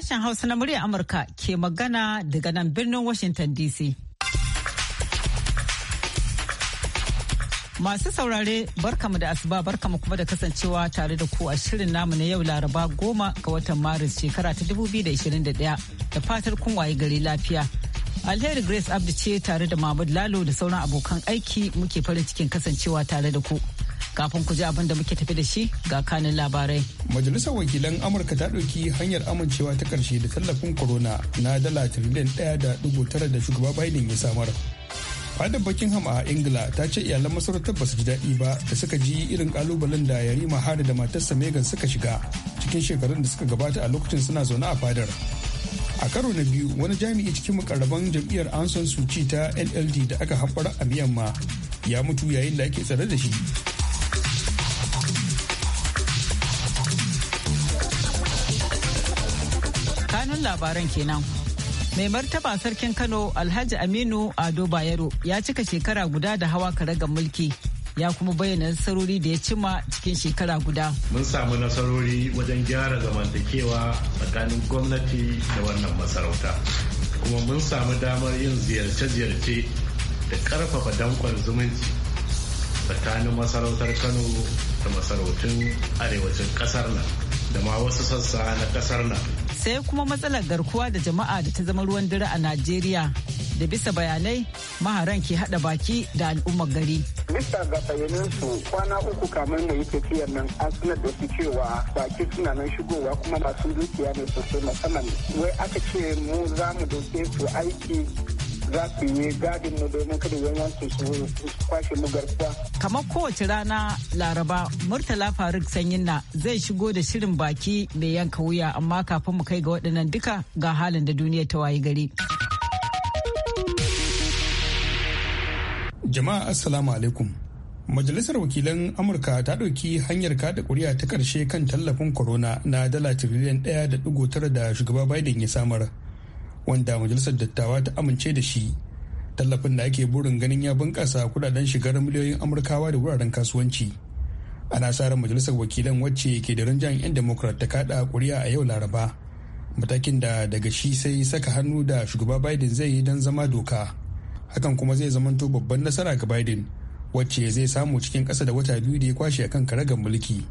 Sashen Hausa na muryar Amurka ke magana daga nan birnin Washington DC. Masu saurare barkamu da asuba barkamu kuma da kasancewa tare da ku a shirin namu na yau laraba goma ga watan Maris shekara ta 2021 da fatar kun waye gari lafiya. Alheri Grace abdu ce tare da Mahmud Lalo da sauran abokan aiki muke farin cikin kasancewa tare da ku. kafin ku je abin da muke tafi da shi ga kanin labarai. Majalisar wakilan Amurka ta ɗauki hanyar amincewa ta ƙarshe da tallafin corona na dala tiriliyan ɗaya da ɗigo tara da shugaba Biden ya samar. Fadar Buckingham a Ingila ta ce iyalan masarautar ba su ji daɗi ba da suka ji irin ƙalubalen da Yarima Hari da matarsa Megan suka shiga cikin shekarun da suka gabata a lokacin suna zaune a fadar. a karo na biyu wani jami'i cikin makarraban jam'iyyar ansan suci ta nld da aka hambara a myanmar ya mutu yayin da ake tsare da shi Kanun labaran kenan. Mai martaba sarkin Kano Alhaji Aminu Ado Bayero ya cika shekara guda da hawa karagar mulki. ya kuma bayyana nasarori da ya cima cikin shekara guda. Mun samu nasarori wajen gyara zamantakewa tsakanin gwamnati da wannan masarauta. Kuma mun samu damar yin ziyarce-ziyarce da karfafa dankon zumunci tsakanin masarautar Kano da masarautun arewacin kasar nan da ma wasu sassa na ƙasar nan. sai kuma matsalar garkuwa da jama'a da ta zama ruwan dare a najeriya da bisa bayanai maharan ke hada baki da al'ummar gari. Bisa ga bayaninsu kwana uku kamar mu yi tafiyar nan an suna da su cewa baki suna nan shigowa kuma masu dukiya ne sosai musamman wai aka ce mu za mu doke su aiki za su yi gadin na domin kada yawan su su kwashe mu garkuwa. Kamar kowace rana Laraba, Murtala Faruk na zai shigo da shirin baki mai yanka wuya amma kafin mu kai ga waɗannan duka ga halin da duniya ta wayi gari. Jama'a Assalamu alaikum. Majalisar Wakilan Amurka ta ɗauki hanyar kada ƙuri'a ta ƙarshe kan tallafin corona na dala tiriliyan ɗaya da ɗigo tara da shugaba Biden ya samar. wanda majalisar dattawa ta amince da shi tallafin da ake burin ganin ya bunƙasa kudaden shigar miliyoyin amurkawa da wuraren kasuwanci ana sa majalisar wakilan wacce ke da rinjayen 'yan demokrat ta kada kuri'a a yau laraba matakin da daga shi sai saka hannu da shugaba biden zai yi don zama doka hakan kuma zai zamanto babban nasara ga biden wacce zai samu cikin ƙasa da wata biyu da ya kwashe akan karagar mulki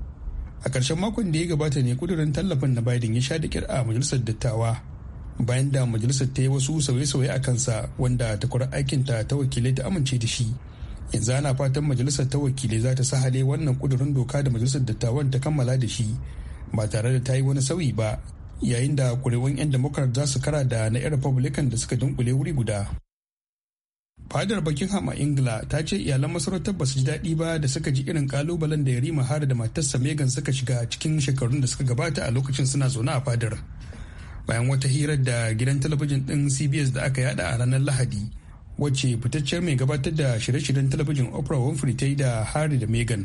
a ƙarshen makon da ya gabata ne kudurin tallafin na biden ya sha da a majalisar dattawa bayan da majalisar ta yi wasu sauye-sauye a kansa wanda takwarar aikin ta ta wakilai ta amince da shi yanzu ana fatan majalisar ta wakilai za ta sahale wannan kudurin doka da majalisar dattawan ta kammala da shi ba tare da ta yi wani sauyi ba yayin da kurewan 'yan democrat za su kara da na 'yan republican da suka dunkule wuri guda fadar buckingham a ingila ta ce iyalan masarautar ba su ji daɗi ba da suka ji irin kalubalen da yarima har da matarsa megan suka shiga cikin shekarun da suka gabata a lokacin suna zaune a fadar bayan wata hirar da gidan talabijin ɗin cbs da aka yada a ranar lahadi wacce fitaccen mai gabatar da shirye-shiryen talabijin oprah winfrey ta yi da harry da megan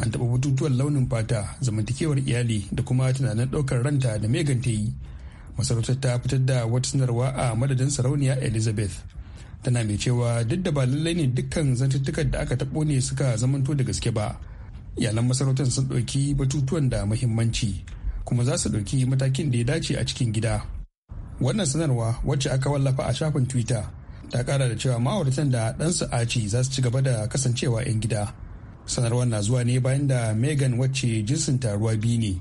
an taɓa bututuwan launin fata zamantakewar iyali da kuma tunanin ɗaukar ranta da megan ta yi masarautar ta fitar da wata sanarwa a madadin sarauniya elizabeth tana mai cewa duk da ba lallai ne dukkan zantuttukan da aka taɓo ne suka zamanto da gaske ba iyalan masarautar sun ɗauki batutuwan da muhimmanci kuma za su ɗauki matakin da ya dace a cikin gida wannan sanarwa wacce aka wallafa a shafin twitter ta kara da cewa ma'auratan da ɗansu aci za su ci gaba da kasancewa 'yan gida sanarwar na zuwa ne bayan da megan wacce jinsin taruwa biyu ne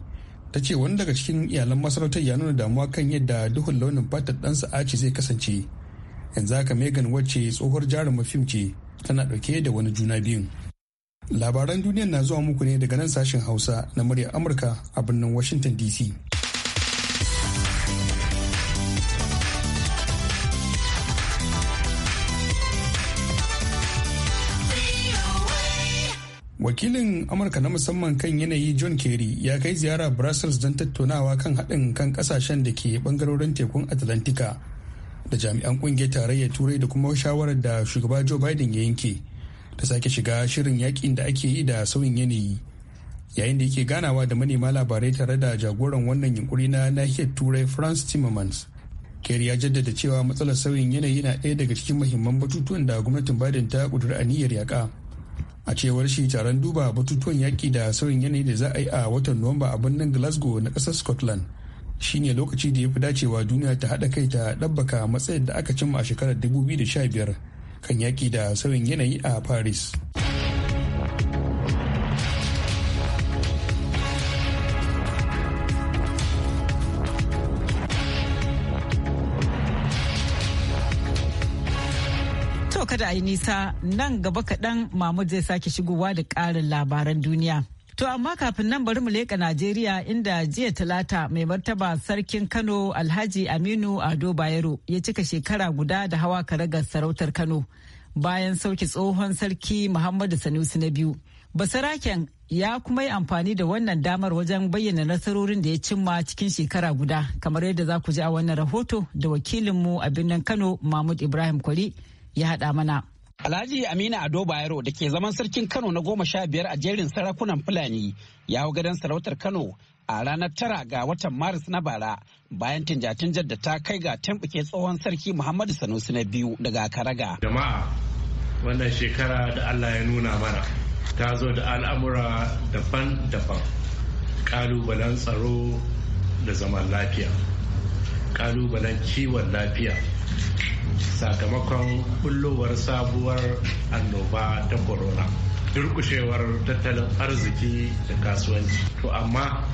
ta ce wani daga cikin iyalan masarautar ya nuna damuwa kan yadda duhun launin fatar ɗansa aci zai kasance yanzu haka megan wacce tsohuwar jarumin fim ce tana ɗauke da wani juna biyun labaran duniya na zuwa muku ne daga nan sashen hausa na muryar amurka a birnin washington dc wakilin amurka na musamman kan yanayi john kerry ya kai ziyara brussels don tattaunawa kan haɗin kan ƙasashen da ke ɓangarorin tekun atlantika da jami'an ƙungiyar tarayyar turai da kuma shawarar da shugaba joe biden ya yanke ta sake shiga shirin yakin da ake yi da sauyin yanayi yayin da yake ganawa da manema labarai tare da jagoran wannan yunkuri na nahiyar turai france timmermans kerry ya jaddada cewa matsalar sauyin yanayi na ɗaya daga cikin muhimman batutuwan da gwamnatin biden ta ƙudiri aniyar yaƙa a cewar shi taron duba batutuwan yaƙi da sauyin yanayi da za a yi a watan nuwamba a birnin glasgow na ƙasar scotland shi ne lokaci da ya fi dacewa duniya ta haɗa kai ta ɗabbaka matsayar da aka cimma a shekarar 2015 kan yaƙi da sauyin yanayi a paris kada a yi nisa nan gaba kaɗan Mahmud zai sake shigowa da ƙarin labaran duniya. To amma kafin nan bari mu leka Najeriya inda jiya talata mai martaba sarkin Kano Alhaji Aminu Ado Bayero ya cika shekara guda da hawa karagar sarautar Kano bayan sauki tsohon sarki Muhammadu Sanusi na biyu. Basaraken ya kuma yi amfani da wannan damar wajen bayyana nasarorin da ya cimma cikin shekara guda kamar yadda za ku ji a wannan rahoto da wakilinmu a birnin Kano Mahmud Ibrahim Kwari ya haɗa mana. Alhaji Amina Ado Bayero da ke zaman sarkin Kano na goma sha biyar a jerin sarakunan Fulani ya hau gadon sarautar Kano a ranar tara ga watan Maris na bara bayan tinjatinjar da ta kai ga tambuke tsohon sarki Muhammadu Sanusi na biyu daga Karaga. Jama'a wannan shekara da Allah ya nuna mana ta zo da al'amura daban-daban kalubalen tsaro da zaman lafiya kalubalen kiwon lafiya sakamakon bullowar sabuwar annoba ta corona durkushewar tattalin arziki da kasuwanci to amma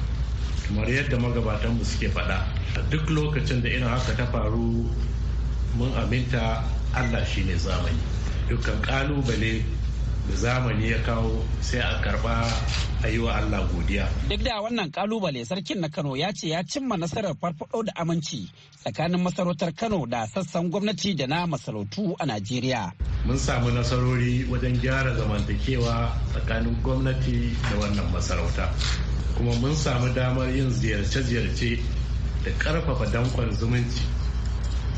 kamar yadda magabatanmu suke faɗa duk lokacin da irin haka ta faru mun aminta allah shine zamani dukkan kalubale da zamani ya kawo sai a karba a yi wa Allah godiya. Duk da wannan kalubale sarkin na Kano ya ce ya cimma nasarar farfado da aminci tsakanin masarautar Kano da sassan gwamnati da na masarautu a Najeriya. Mun samu nasarori wajen gyara zamantakewa tsakanin gwamnati da wannan masarauta. Kuma mun samu damar yin ziyarce-ziyarce da ƙarfafa dankon zumunci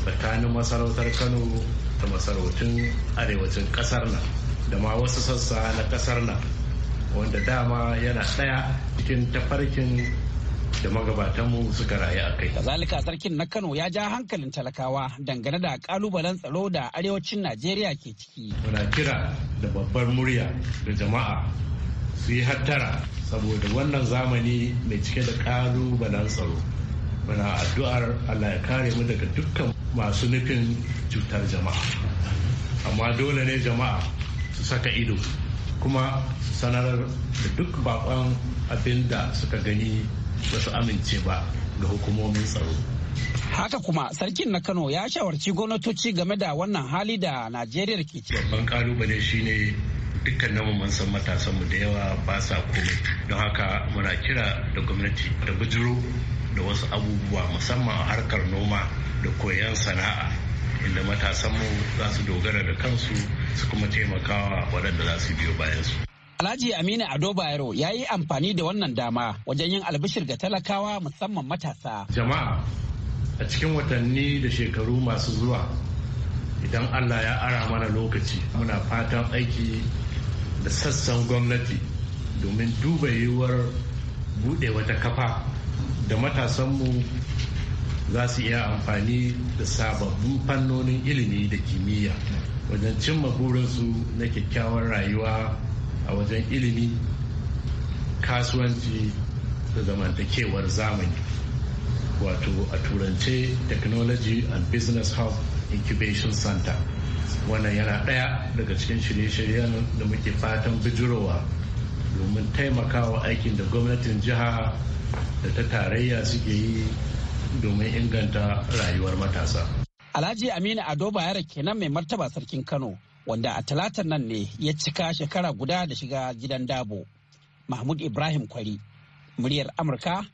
tsakanin masarautar Kano da masarautun arewacin ƙasar nan. da ma wasu sassa na kasar nan wanda dama yana ɗaya cikin tafarkin da magabatanmu suka rayu a kai. Kazalika sarkin na Kano ya ja hankalin talakawa dangane da kalubalen tsaro da arewacin Najeriya ke ciki. Muna kira da babbar murya da jama'a su yi hattara saboda wannan zamani mai cike da kalubalen tsaro. Muna addu'ar Allah ya kare mu daga dukkan masu nufin cutar jama'a. Amma dole ne jama'a saka ido kuma sanarar da duk bakon abin da suka gani ba su amince ba ga hukumomin tsaro. Haka kuma sarkin na Kano ya shawarci gwamnatoci game da wannan hali da Najeriya ke ciki. Babban kalubale shine dukkan namu mun san matasanmu da yawa ba sa komai. Don haka muna kira da gwamnati da bujiro da wasu abubuwa musamman a harkar noma da koyon sana'a inda matasanmu za su dogara da kansu su kuma taimakawa waɗanda za su biyo bayansu. Alhaji Aminu Ado Bayero ya yi amfani da wannan dama wajen yin albishir ga talakawa musamman matasa. Jama'a a cikin watanni da shekaru masu zuwa idan Allah ya ara mana lokaci muna fatan aiki da sassan gwamnati domin duba yiwuwar buɗe wata kafa da matasanmu za su iya amfani da sababbin fannonin ilimi da kimiyya wajen cimma burinsu na kyakkyawar rayuwa a wajen ilimi kasuwanci da zamantakewar zamani wato a turance technology and business hub incubation center wannan yana ɗaya daga cikin shirye-shiryen da muke fatan bijirowa domin taimakawa aikin da gwamnatin jiha da ta tarayya suke yi domin inganta rayuwar matasa. Alhaji Aminu Ado Bayero kenan mai martaba sarkin Kano wanda a talatar nan ne ya cika shekara guda da shiga gidan dabo. Mahmud Ibrahim Kwari, muryar Amurka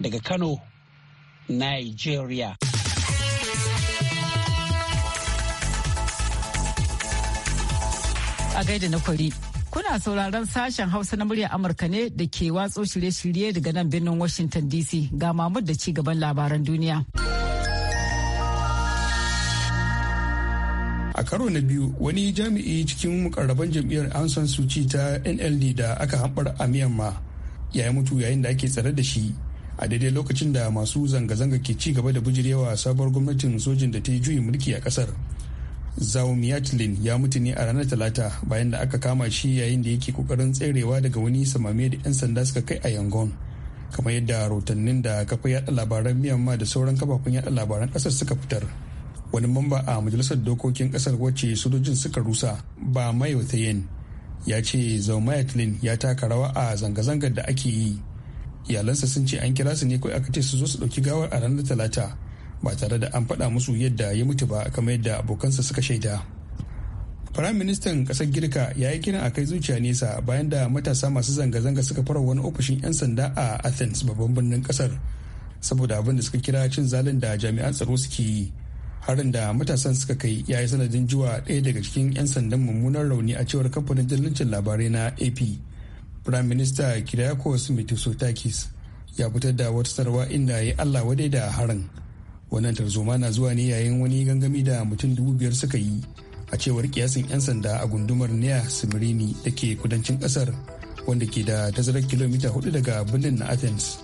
daga Kano, Nigeria. A gaida na kwari. Kuna sauraron sashen Hausa na muryar Amurka ne da ke watso shirye-shirye daga nan birnin Washington DC ga mamud da ci gaban labaran duniya. A karo na biyu wani jami'i cikin mukarraban jam'iyyar an San ta NLD da aka hambar a Myanmar ya mutu yayin da ake tsare da shi a daidai lokacin da masu zanga-zanga ke ci gaba da bijirewa sabuwar gwamnatin sojin da ta yi juyin mulki a kasar. zaumiatlin ya mutu ne a ranar talata bayan da aka kama shi yayin da yake kokarin tserewa daga wani samame da 'yan sanda suka kai a yangon kamar yadda rotannin da kafa yada labaran miyamma da sauran kafafun yada labaran kasar suka fitar wani mamba a majalisar dokokin kasar wacce sojojin suka rusa ba mai ya ce zaumayatlin ya taka rawa a zanga-zangar da ake yi iyalansa sun ce an kira su ne kawai aka ce su zo su ɗauki gawar a ranar talata ba tare da an faɗa musu yadda ya mutu ba kamar yadda abokansa suka shaida Firayim Ministan ƙasar Girka ya yi kiran a kai zuciya nesa bayan da matasa masu zanga-zanga suka fara wani ofishin 'yan sanda a Athens babban birnin ƙasar saboda abin da suka kira cin zalin da jami'an tsaro suke yi. Harin da matasan suka kai ya yi sanadin jiwa ɗaya daga cikin 'yan sandan mummunan rauni a cewar kamfanin dillancin labarai na AP. Firayim Minista Kyriakos Mitsotakis ya fitar da wata sarwa inda ya yi Allah wadai da harin. wannan tarzoma na zuwa ne yayin wani gangami da mutum dubu biyar suka yi a cewar kiyasin 'yan sanda a gundumar nea simirini da ke kudancin kasar wanda ke da tazarar kilomita hudu daga birnin na athens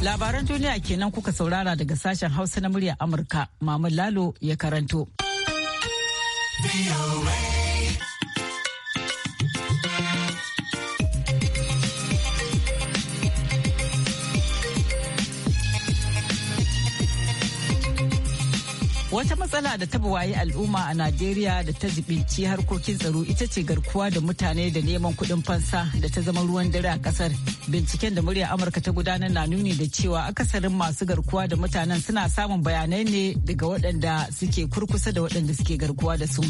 labaran duniya kenan kuka saurara daga sashen hausa na murya amurka mamun lalo ya karanto Be away. Wata matsala da ta buwaye al'umma a Najeriya da ta jibinci harkokin tsaro ita ce garkuwa da mutane da neman kudin fansa da ta zama ruwan dare a kasar. Binciken da murya Amurka ta gudanar na nuni da cewa akasarin masu garkuwa da mutanen suna samun bayanai ne daga waɗanda suke kurkusa da waɗanda suke garkuwa da su.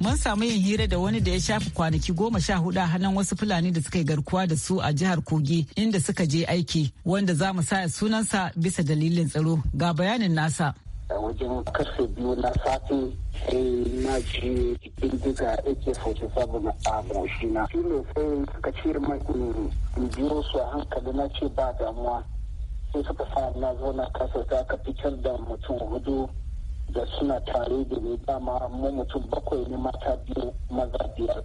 Mun samu yin hira da wani da ya shafi kwanaki goma sha hudu a hannun wasu Fulani da suka yi garkuwa da su a jihar Kogi inda suka je aiki wanda za mu sa sunansa bisa dalilin tsaro ga bayanin nasa. a wajen karfe biyu na safe sai na ji bindiga ak-47 a na. shi ne sai suka ce mai in biyo su a hankali na ce ba damuwa sai suka sa na zauna kasa ta aka fitar da mutum hudu da suna tare da ni dama mu mutum bakwai ne mata biyu maza biyar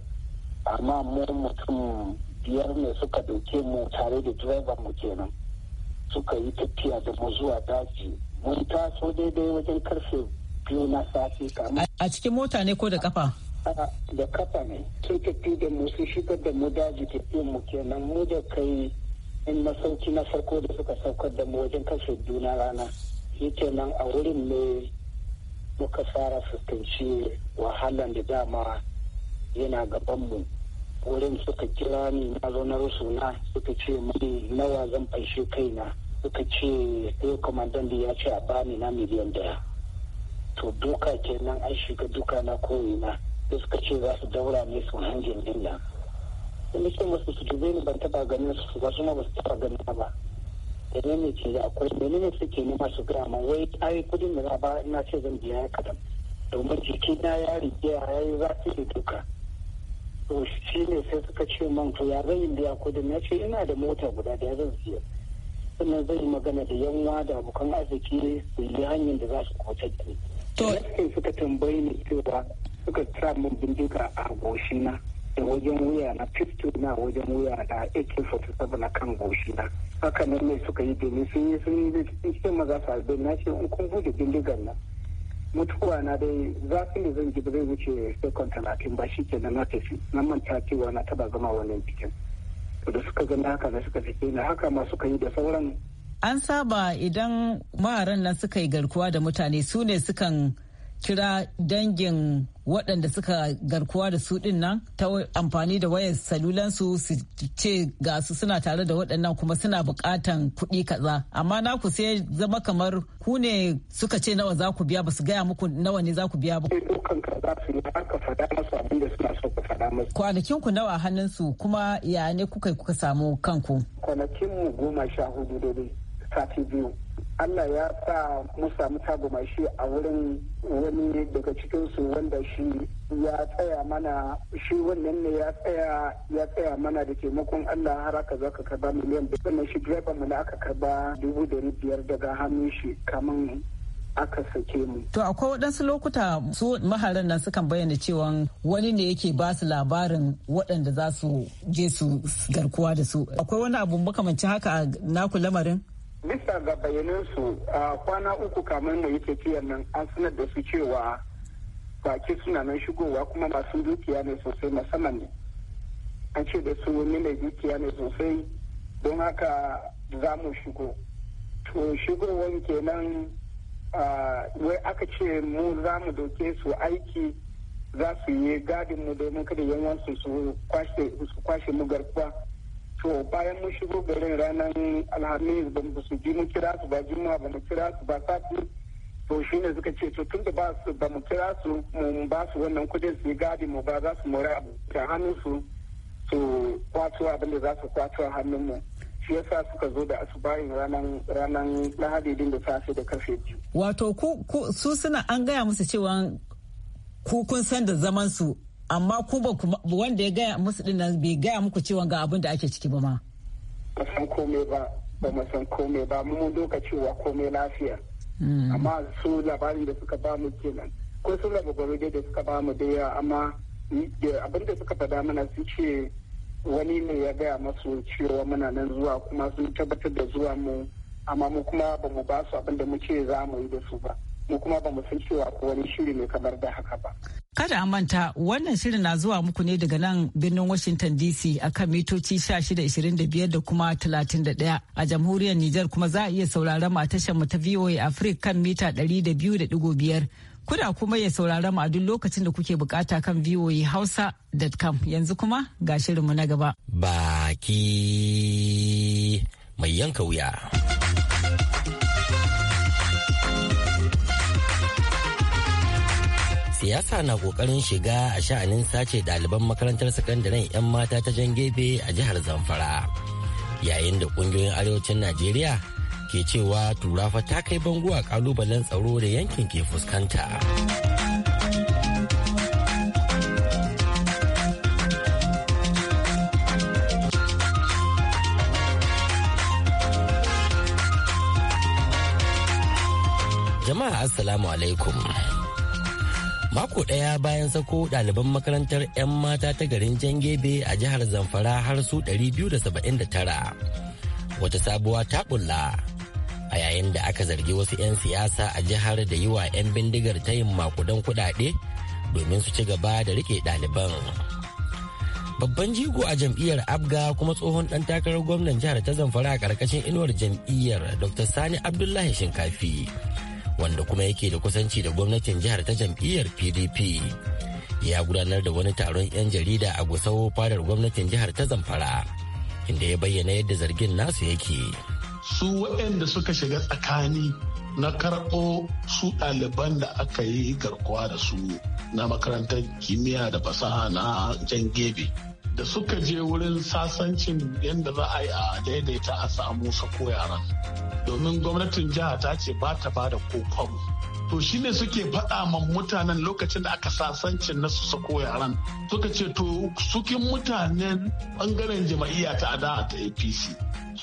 amma mu mutum biyar ne suka dauke mu tare da direban mu kenan suka yi tafiya da mu zuwa daji mun taso daidai wajen karfe biyu na safe kamar. A cikin mota ne ko da kafa? Da kafa ne. Sun tafi da mu sun shigar da mu daji tafiyan mu kenan mu da kai in masauki na farko da suka saukar da mu wajen karfe biyu na rana. Shi kenan a wurin ne muka fara fuskanci wahalan da dama yana gaban mu. Wurin suka kira ni na zo na rusuna suka ce mani nawa zan fanshe kaina. suka ce sai eh, kwamandan da ya ce a bani na miliyan daya to duka kenan an shiga duka na ko'ina da suka ce za su daura ne su hangin din nan ce nake musu su dube ni ban taba ganin su ba su ma ba su taba ganin ba da ne ce akwai ne suke nema su gama wai ayi kudin da za ba ina ce zan biya ya kadan domin jiki na ya rike ya yi zafi da duka to shi ne sai suka ce man to ya zan yi biya kudin na ce ina da mota guda da ya zan siya sannan zai magana da yanwa da abokan arziki su yi hanyar da za su kwace ki to suka tambayi ni cewa suka sa min bindiga a goshina da wajen wuya na 50 na wajen wuya da ak na kan goshina haka nan ne suka yi domin sun yi sun yi ce maza su na ce in kun buɗe bindigar na. mutuwa na dai zafin da zan ji ba zai wuce sekon talatin ba shi ke na tafi na manta cewa na taba zama wannan bikin to da suka gani haka da suka fi na haka ma suka yi da sauran an saba idan maharan nan suka yi garkuwa da mutane su ne sukan kira dangin waɗanda suka garkuwa da su ɗin nan ta amfani da wayar salulansu su ce ga su suna tare da waɗannan kuma suna buƙatan kuɗi kaza amma ku sai zama kamar ku ne suka ce nawa za ku biya ba su gaya muku nawa ne za ku biya ba. Eh, Kwanakin ku nawa hannun su kuma ya ne kuka kuka samu kanku. Kwanakin mu goma sha hudu dole sati biyu. Allah ya sa mu samu tagomashi a wurin wani daga cikinsu wanda shi ya tsaya mana shi wannan ne ya tsaya ya tsaya mana da taimakon Allah har aka zo ka karba miliyan biyu sannan shi direban mu da aka karba dubu dari biyar daga hannun shi kaman aka sake mu. To akwai waɗansu lokuta su maharan nan sukan bayyana cewa wani ne yake ba su labarin waɗanda za su je su garkuwa da su. Akwai wani abu makamancin haka a naku lamarin? bisa ga bayanansu a kwana uku kamar mai tafiyan nan an sanar da su cewa baki suna nan shigowa kuma masu dukiya ne sosai musamman ne an ce da su wani mai dukiya ne sosai don haka za mu shigo to shigowan kenan wai aka ce mu za mu doke su aiki za su yi gadin mu domin kada yawan su kwashe mu garkuwa to bayan mun shigo garin ranar alhamis ba mu su ji mun kira su ba juma'a ba mu kira su ba sati to shine suka ce to tun da ba su ba mu kira su mu ba su wannan kudin su gadi mu ba za su mora ta hannun su su kwato abin da za su kwato a hannun mu shi yasa suka zo da asubahin ranar ranar lahadi din da safe da karfe biyu wato ku su suna an gaya musu cewa ku kun san da zaman su amma ku ba wanda ya gaya musu din nan bai gaya muku cewa ga abin da ake ciki ba ma ba san komai ba ba mu san komai ba mu mun doka cewa komai lafiya hmm. amma su labarin da suka ba mu kenan ko su labarai da suka ba mu daya amma abin da suka faɗa mana su ce wani ne ya gaya masu cewa muna nan zuwa kuma sun tabbatar da zuwa mu amma mu kuma ba mu ba su abin da muke za mu yi da su ba mu kuma ba mu san cewa ko wani shiri ne kamar da haka ba. Kada a manta wannan shirin na zuwa muku ne daga nan birnin Washington DC a kan mitoci 1625 da kuma 31 a jamhuriyar Nijar kuma za a iya sauraron a tashar mu ta VOA Africa kan mita ɗari 200.5 kuna kuma ya sauraron mu a duk lokacin da kuke bukata kan voa hausa kam yanzu kuma ga shirin mu na gaba. Baki mai yanka wuya. siyasa na kokarin shiga a sha'anin sace ɗaliban makarantar sakandaren 'yan mata ta jan gefe a jihar zamfara yayin da kungiyoyin arewacin najeriya ke cewa turafa ta kai bango a kalubalen tsaro da yankin ke fuskanta jama'a assalamu alaikum mako ɗaya bayan sako ɗaliban makarantar 'yan mata ta garin jangebe a jihar zamfara har su 279 wata sabuwa ta ɓulla a yayin da aka zargi wasu 'yan siyasa a jihar da yi wa 'yan bindigar ta tayin makudan kuɗaɗe domin su ci gaba da riƙe ɗaliban babban jigo a jam'iyyar abga kuma tsohon ɗan takarar gwamnan jihar ta zamfara a ƙarƙashin inuwar jam'iyyar dr sani abdullahi shinkafi wanda kuma yake da kusanci da gwamnatin jihar ta jam'iyyar pdp ya gudanar da wani taron 'yan jarida a gusau fadar gwamnatin jihar ta zamfara inda ya bayyana yadda zargin nasu yake su waɗanda suka shiga tsakani na karɓo su ɗaliban da aka yi garkuwa da su na makarantar kimiyya da fasaha na jan gebe da suka je wurin sasancin yadda za a yi a daidaita a samu sako yaran domin gwamnatin jiha ta ce ba ta ba da kokon to shine suke faɗa ma mutanen lokacin da aka sasancin na su sako yaran suka ce to sukin mutanen bangaren jama'iyya ta ada ta apc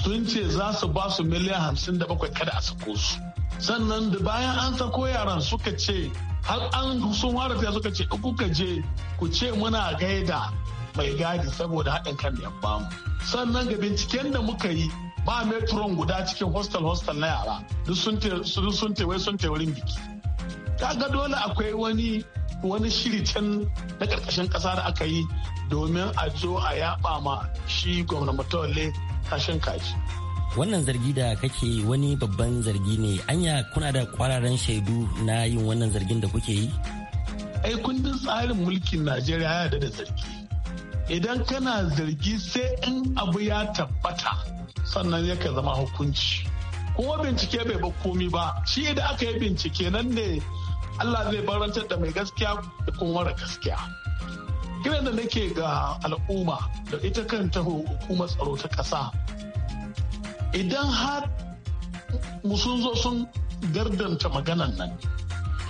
sun ce za su ba su miliyan hamsin da bakwai kada a sako su sannan da bayan an sako yaran suka ce har an sun fara suka ce ku ka je ku ce muna gaida mai gadi saboda haɗin kan da ya bamu sannan ga binciken da muka yi ba metron guda cikin hostel hostel na yara duk sun wai sun wurin biki kaga dole akwai wani wani shiri can na ƙarƙashin ƙasa da aka yi domin a zo a yaɓa ma shi gwamnati kashin kaji wannan zargi da kake wani babban zargi ne anya kuna da kwararen shaidu na yin wannan zargin da kuke yi ai kundin tsarin mulkin najeriya ya da zargi idan kana zargi sai in abu ya tabbata sannan yaka zama hukunci kuma bincike bai ba komi ba shi da aka yi bincike nan ne Allah zai barantar da mai gaskiya da kuma mara gaskiya kiran da nake ga al'umma da ita kanta hukumar tsaro ta ƙasa idan har sun zo sun gardanta maganan nan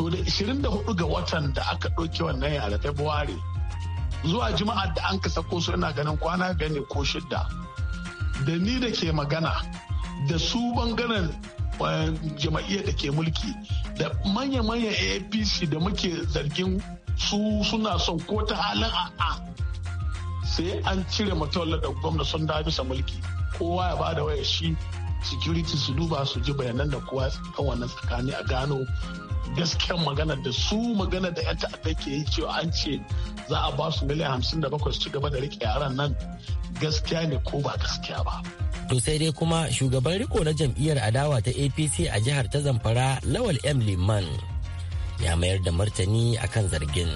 to da 24 ga watan da aka ɗauke wannan yare february zuwa juma'a da an ka sako su ina ganin kwana ne ko shidda da ni da ke magana da su bangaren eh, jama'iyyar da ke mulki da manya-manyan apc da muke zargin su suna son ko ta halin a'a sai an cire matawallar da gwamna sun da bisa mulki kowa ya ba da waya shi security su duba su ji bayanan da kowa kan wannan tsakani a gano gaskiyar magana da su magana da 'yan ta'adda ke yi cewa an ce za a ba su miliyan hamsin da bakwai su ci gaba da rike yaran nan gaskiya ne ko ba gaskiya ba. To sai dai kuma shugaban riko na jam'iyyar adawa ta APC a jihar ta Zamfara Lawal M. Liman ya mayar da martani akan zargin.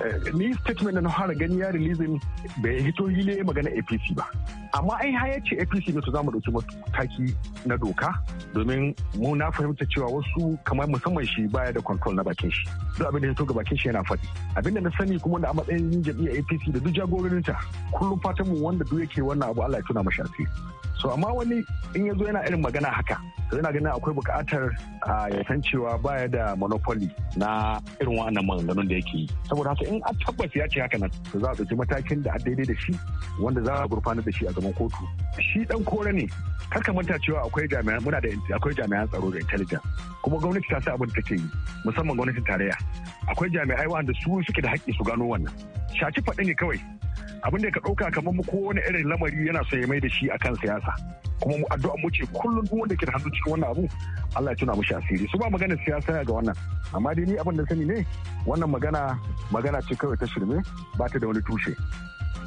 Eh, ni statement na fara gani ya releasing bai hito hile magana apc ba amma ai haya ce apc ne to zamu dauki mataki na doka domin mu na fahimta cewa wasu kamar musamman shi baya da control na bakin shi duk abin da ya ga bakin shi yana faɗi abin da na sani kuma da a matsayin jam'iyyar apc da duk jagororinta kullum fatan mu wanda duk yake wannan abu Allah ya tuna masa asiri so amma wani in ya zo yana irin magana haka yana ganin akwai bukatar ah, ya san cewa baya da monopoly na irin wannan maganganun da yake yi saboda haka in a tabbas ya ce haka nan to za a ɗauki matakin da a daidai da shi wanda za a gurfanar da shi a gaban kotu shi dan kore ne kar ka manta cewa akwai jami'an muna da akwai jami'an tsaro da intelligence kuma gwamnati ta sa abin da take yi musamman gwamnatin tarayya akwai jami'ai wanda su suke da haƙƙi su gano wannan shaci faɗi ne kawai abin da ka ɗauka kamar mu kowane irin lamari yana so ya mai da shi akan siyasa kuma mu addu'a mu ce kullum duk wanda ke da hannu cikin wannan abu Allah ya tuna mu asiri su ba magana siyasa ga wannan amma dai ni abin da sani ne wannan magana magana ce kawai ta shirme ba ta da wani tushe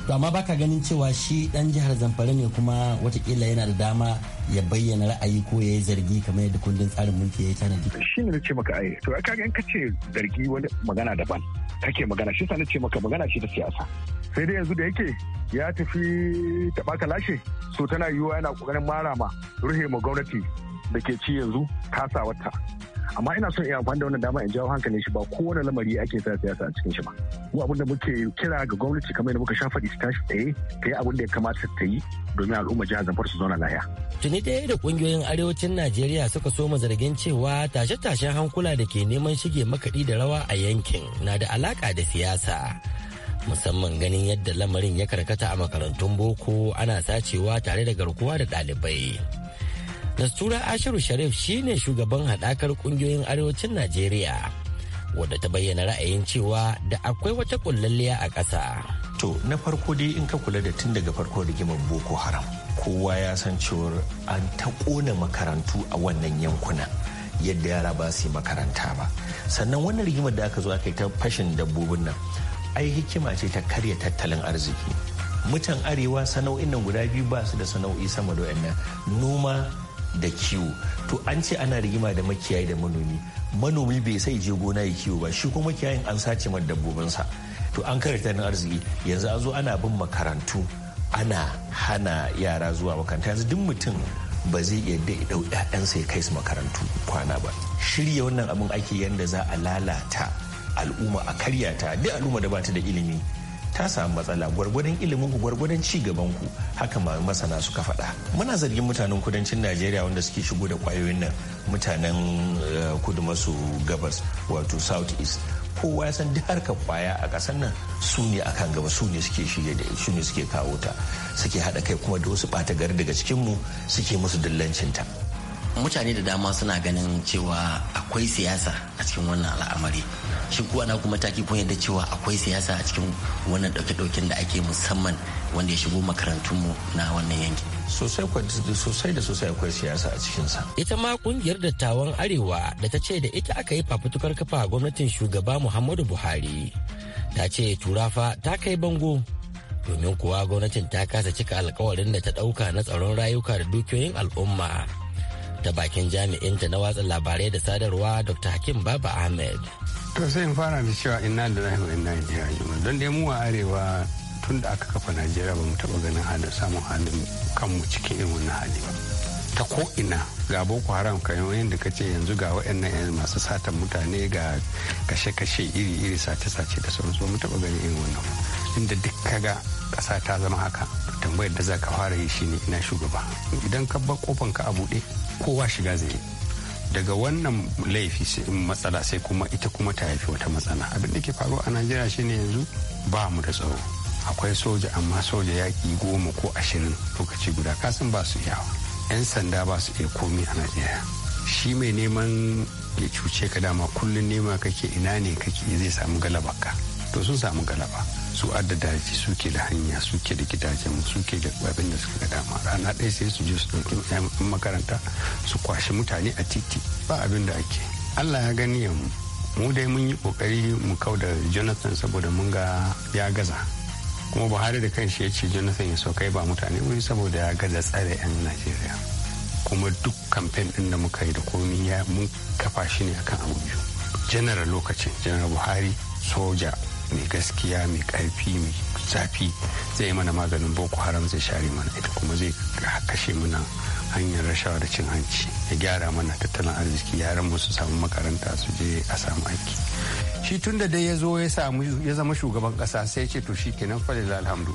to amma baka ganin cewa shi dan jihar zamfara ne kuma watakila yana da dama ya bayyana ra'ayi ko ya yi zargi kamar yadda kundin tsarin mulki ya yi tanadi shi ne na ce maka ai to ka ga in ka ce zargi wani magana daban kake magana shi sa na ce maka magana shi ta siyasa sai dai yanzu da yake ya tafi taɓa kalashe so tana yiwuwa yana ƙoƙarin mara ma ruhe ma gwamnati da ke ci yanzu wata amma ina son in amfani da wannan dama in jawo hankalin shi ba kowane lamari ake sa siyasa a cikin shi ba mu abin da muke kira ga gwamnati kamar yadda muka sha faɗi su tashi tsaye ta yi abin da ya kamata ta yi domin al'umma jihar Zamfara su zauna lahiya. Tuni ɗaya da ƙungiyoyin arewacin Najeriya suka so ma zargin cewa tashe-tashen hankula da ke neman shige makaɗi da rawa a yankin na da alaƙa da siyasa. Musamman ganin yadda lamarin ya karkata a makarantun boko ana sacewa tare da garkuwa da ɗalibai. Nastura Ashiru Sharif shine shugaban haɗakar ƙungiyoyin arewacin Najeriya wadda ta bayyana ra'ayin cewa da akwai wata kullalliya a ƙasa. To na farko dai in ka kula da tun daga farko rigimar Boko Haram kowa ya san cewa an ta ƙona makarantu a wannan yankuna. yadda yara ba su yi makaranta ba sannan wannan rigimar da aka zo aka yi ta fashin dabbobin nan ai hikima ce ta karya tattalin arziki mutan arewa sana'o'in nan guda biyu ba su da sana'o'i sama da wannan noma da kiwo to an ce ana rigima da makiyayi da manomi manomi bai sai je gona ya kiwo ba shi kuma makiyayin an sace mar dabbobinsa to an kare tattalin arziki yanzu an zo ana bin makarantu ana hana yara zuwa makaranta yanzu duk mutum ba zai yadda ya ɗau ‘ya'yansa ya kai su makarantu kwana ba shirya wannan abin ake yanda za a lalata al'umma a karyata duk al'umma da bata da ilimi ta samu matsala gwargwadon ilimin ku gwargwadon ci gaban ku haka ma masana suka faɗa muna zargin mutanen kudancin najeriya wanda suke shigo da kwayoyin nan mutanen eh, kudu masu gabas wato south east kowa ya san duk harkar kwaya a ƙasar nan su ne akan gaba su ne suke shige da su ne suke kawo ta suke haɗa kai kuma da wasu ɓata gari daga cikinmu suke musu dillancin ta mutane da dama suna ganin cewa akwai siyasa a cikin wannan al'amari shi kuwa na kuma taki kun yadda cewa akwai siyasa a cikin wannan dauke-dauken da ake musamman wanda ya shigo makarantunmu na wannan yankin. sosai sosai da sosai akwai siyasa a cikinsa ita ma kungiyar dattawan arewa da ta ce da ita aka yi fafutukar kafa gwamnatin shugaba muhammadu buhari ta ce turafa ta kai bango domin kuwa gwamnatin ta kasa cika alkawarin da ta dauka na tsaron rayuka da dukiyoyin al'umma da bakin jami'inta na watsa labarai da sadarwa dr hakim baba ahmed to sai in fara da cewa inna lillahi wa inna ilaihi don dai mu a arewa tun da aka kafa najeriya ba mu taba ganin halin samun halin kanmu cikin irin wannan hali ba ta ko ina ga boko haram kayan yadda ka ce yanzu ga waɗannan 'yan masu satan mutane ga kashe-kashe iri-iri sace-sace da sauransu ba mu taɓa ganin irin wannan inda duk ga ƙasa ta zama haka tambayar da za ka fara yi shine ina shugaba idan ka bar kofan ka a buɗe kowa shiga zai daga wannan laifi sai matsala sai kuma ita kuma ta haifi wata matsala abin da ke faru a najeriya shine yanzu ba mu da tsaro akwai soja amma soja yaƙi goma ko ashirin lokaci guda kasan ba su yawa 'yan sanda ba su iya komi a najeriya shi mai neman ya cuce ka dama kullum nema kake ina ne kake zai samu galaba ka to sun samu galaba su adda daji suke da hanya suke da gidajen suke da abin da suka dama rana ɗaya sai su je su ɗauki makaranta su kwashi mutane a titi ba abin da ake allah ya gani mu mu dai mun yi kokari mu kau da jonathan saboda mun ga ya gaza kuma buhari da kanshi ya ce jonathan ya saukai ba mutane wuri saboda ya gaza tsare 'yan najeriya kuma duk kamfen ɗin da muka yi da komi ya mun kafa shi ne akan abu biyu general lokacin general buhari soja mai gaskiya mai karfi mai zafi zai yi mana maganin boko haram zai share mana ita kuma zai kashe mana hanyar rashawa da cin hanci ya gyara mana tattalin arziki yaran mu su samu makaranta su je a samu aiki shi tun da dai ya zo ya ya zama shugaban kasa sai ce to shi kenan falil alhamdu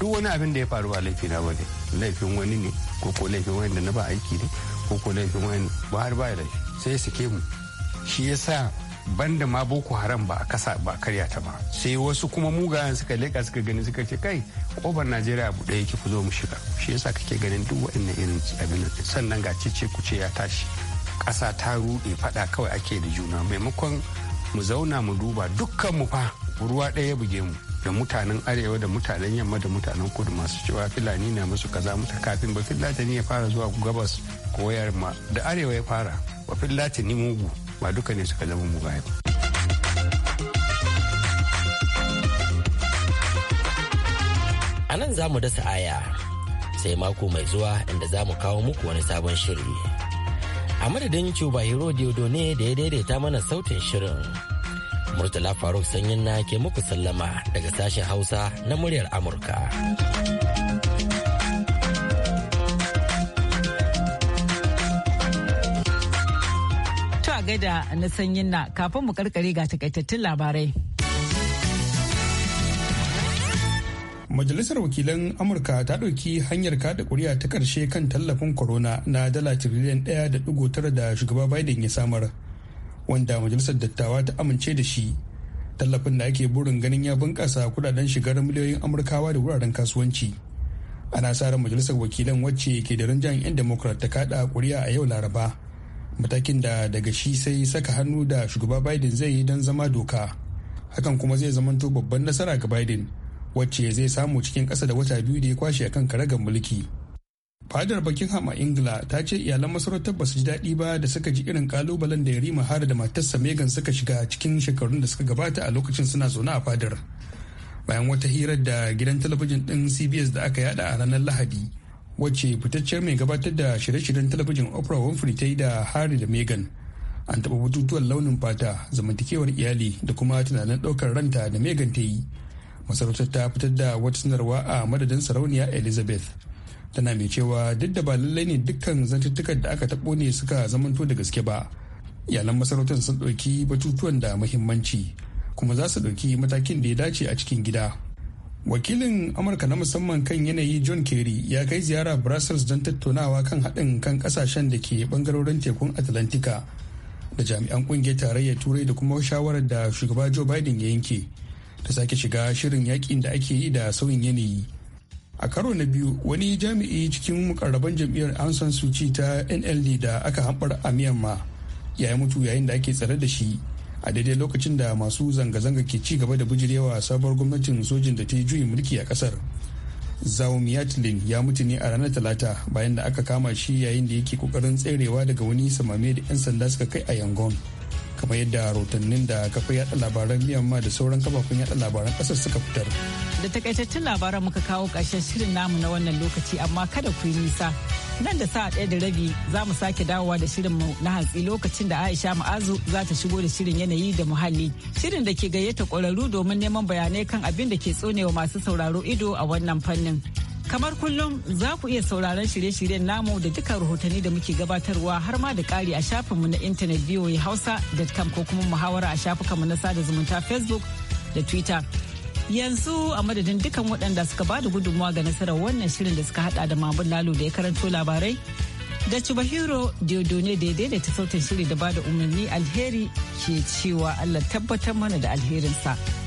duk wani abin da ya faru ba laifi na bane laifin wani ne ko ko laifin wani da na ba aiki ne ko ko laifin wani ba har ba laifi sai ya sake mu shi ya sa. banda ma boko haram ba a kasa ba karya ta ba sai wasu kuma mugayen suka leka suka gani suka ce kai kofar najeriya abu ɗaya yake zo mu shiga shi yasa kake ganin duk waɗannan irin abin sannan ga cece ku ce ya tashi kasa ta rude faɗa kawai ake da juna maimakon mu zauna mu duba dukkan mu fa ruwa ɗaya buge mu da mutanen arewa da mutanen yamma da mutanen kudu masu cewa filani na musu kaza muta kafin ba filatani ya fara zuwa gabas ko yarma da arewa ya fara ba ni mugu ba duka ne suka zama mugaye ba. A nan za mu dasa aya sai mako mai zuwa inda za mu kawo muku wani sabon shiri. A madadin Cuba Hero Diodo ne da ya daidaita mana sautin shirin. Murtala Faruk Sanyin na ke muku sallama daga sashen Hausa na muryar Amurka. gaida na sanyin na kafin mu karkare ga takaitattun labarai. Majalisar Wakilan Amurka ta ɗauki hanyar kada kuri'a ta ƙarshe kan tallafin corona na dala tiriliyan ɗaya da ɗigo tara da shugaba Biden ya samar, wanda Majalisar Dattawa ta amince da shi. Tallafin da ake burin ganin ya bunƙasa kudaden shigar miliyoyin Amurkawa da wuraren kasuwanci. Ana sa ran Majalisar Wakilan wacce ke da rinjayen 'yan Democrat ta kada kuri'a a yau Laraba. matakin da daga shi sai saka hannu da shugaba biden zai yi don zama doka hakan kuma zai zamanto babban nasara ga biden wacce zai samu cikin ƙasa da wata biyu da ya kwashe akan karagar mulki fadar buckingham a ingila ta ce iyalan masarautar ba ji daɗi ba da suka ji irin kalubalen da ya yarima har da matarsa megan suka shiga cikin shekarun da suka gabata a lokacin suna zaune a fadar bayan wata hirar da gidan talabijin din cbs da aka yada a ranar lahadi wacce fitaccen mai gabatar da shirye-shiryen talabijin Oprah Winfrey ta yi da Harry da megan. An taɓa bututuwar launin fata, zamantakewar iyali da kuma tunanin ɗaukar ranta da megan ta yi. Masarautar ta fitar da wata sanarwa a madadin sarauniya Elizabeth. Tana mai cewa duk da ba lallai ne dukkan zantuttukan da aka taɓo ne suka zamanto da gaske ba. Iyalan masarautar sun ɗauki batutuwan da muhimmanci kuma za su ɗauki matakin da ya dace a cikin gida. wakilin amurka na musamman kan yanayi john kerry ya kai ziyara brussels don tattaunawa kan haɗin kan ƙasashen da ke bangarorin tekun atlantika da jami'an ƙungiyar tarayyar turai da kuma shawarar da shugaba joe biden ya yanke da sake shiga shirin yakin da ake yi da sauyin yanayi a karo na biyu wani jami'i cikin mukarraban jam'iyyar ansan suci ta nld da aka hambar a myanmar ya mutu yayin da ake tsare da shi a daidai lokacin da masu zanga-zanga ke ci gaba da bijirewa sabuwar gwamnatin sojin da ta yi juyin mulki a kasar miyatlin ya mutu ne a ranar talata bayan da aka kama shi yayin da yake kokarin tserewa daga wani samame da 'yan sanda suka kai a yangon kamar yadda rotannin da kafa yada labaran myanmar da sauran kafafun yada labaran kasar suka fitar da takaitattun labaran muka kawo ƙarshen shirin namu na wannan lokaci amma kada ku yi nisa nan da sa'a ɗaya da rabi za mu sake dawowa da shirin mu na hantsi lokacin da aisha ma'azu za ta shigo da shirin yanayi da muhalli shirin da ke gayyata ƙwararru domin neman bayanai kan abin da ke tsonewa masu sauraro ido a wannan fannin Kamar kullum za ku iya sauraron shirye-shiryen namu da duka rahotanni da muke gabatarwa har ma da ƙari a shafinmu na intanet hausa hausa.com ko kuma muhawara a mu na sada zumunta Facebook da Twitter. Yanzu a madadin dukan waɗanda suka bada gudunmawa ga nasarar wannan shirin da suka hada da Mamun Lalo da ya karanto labarai. Da Chubahiro Diodone da ya daidaita sautin shiri da bada umarni alheri ke cewa Allah tabbatar mana da alherinsa.